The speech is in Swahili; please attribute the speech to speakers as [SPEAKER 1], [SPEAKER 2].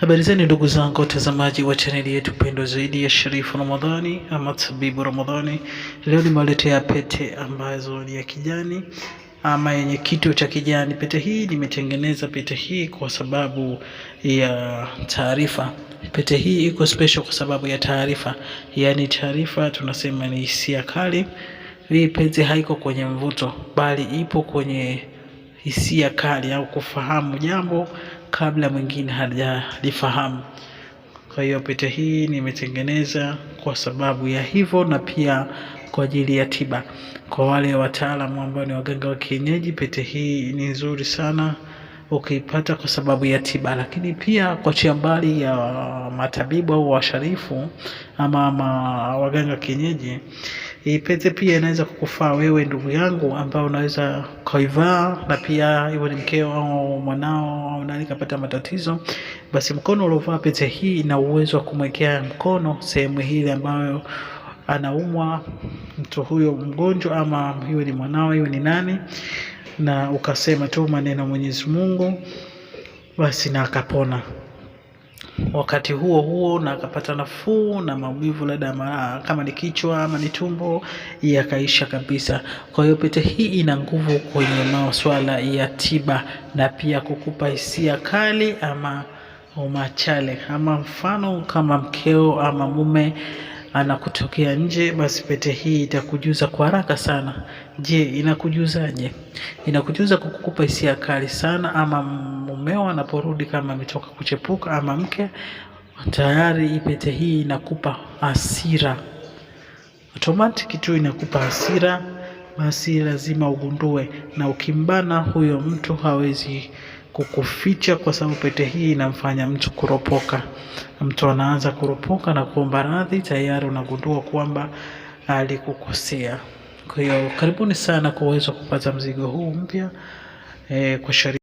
[SPEAKER 1] Habari zenu ndugu zangu watazamaji wa chaneli yetu pendwa zaidi ya Sharifu Ramadhani ama Tabibu Ramadhani. Leo nimewaletea pete ambazo ni ya kijani ama yenye kitu cha kijani. Pete hii nimetengeneza pete hii kwa sababu ya taarifa. Pete hii iko special kwa sababu ya taarifa, yaani taarifa tunasema ni hisia kali. Hii pete haiko kwenye mvuto, bali ipo kwenye hisia kali au kufahamu jambo kabla mwingine hajalifahamu. Kwa hiyo pete hii nimetengeneza kwa sababu ya hivyo, na pia kwa ajili ya tiba. Kwa wale wataalamu ambao ni waganga wa kienyeji, pete hii ni nzuri sana ukiipata kwa sababu ya tiba, lakini pia kwa chiambali ya matabibu au washarifu ama, ama waganga wa kienyeji Pete pia inaweza kukufaa wewe ndugu yangu, ambao unaweza kaivaa na pia iwe ni mkeo au mwanao au nani kapata matatizo, basi mkono uliovaa pete hii ina uwezo wa kumwekea mkono sehemu hili ambayo anaumwa mtu huyo mgonjwa, ama iwe ni mwanao iwe ni nani, na ukasema tu maneno Mwenyezi Mungu, basi na akapona wakati huo huo na akapata nafuu na maumivu labda kama ni kichwa ama ni tumbo yakaisha kabisa. Kwa hiyo pete hii ina nguvu kwenye masuala ya tiba na pia kukupa hisia kali ama umachale, ama mfano kama mkeo ama mume anakutokea nje, basi pete hii itakujuza kwa haraka sana. Je, inakujuzaje? Inakujuza kukupa hisia kali sana ama mumeo anaporudi, kama ametoka kuchepuka ama mke, tayari hii pete hii inakupa hasira automatic tu, inakupa hasira. Basi lazima ugundue, na ukimbana huyo mtu hawezi kukuficha, kwa sababu pete hii inamfanya mtu kuropoka. Mtu anaanza kuropoka na kuomba radhi, tayari unagundua kwamba alikukosea. Kwa hiyo karibuni sana kwa uwezo kupata mzigo huu mpya e, kwa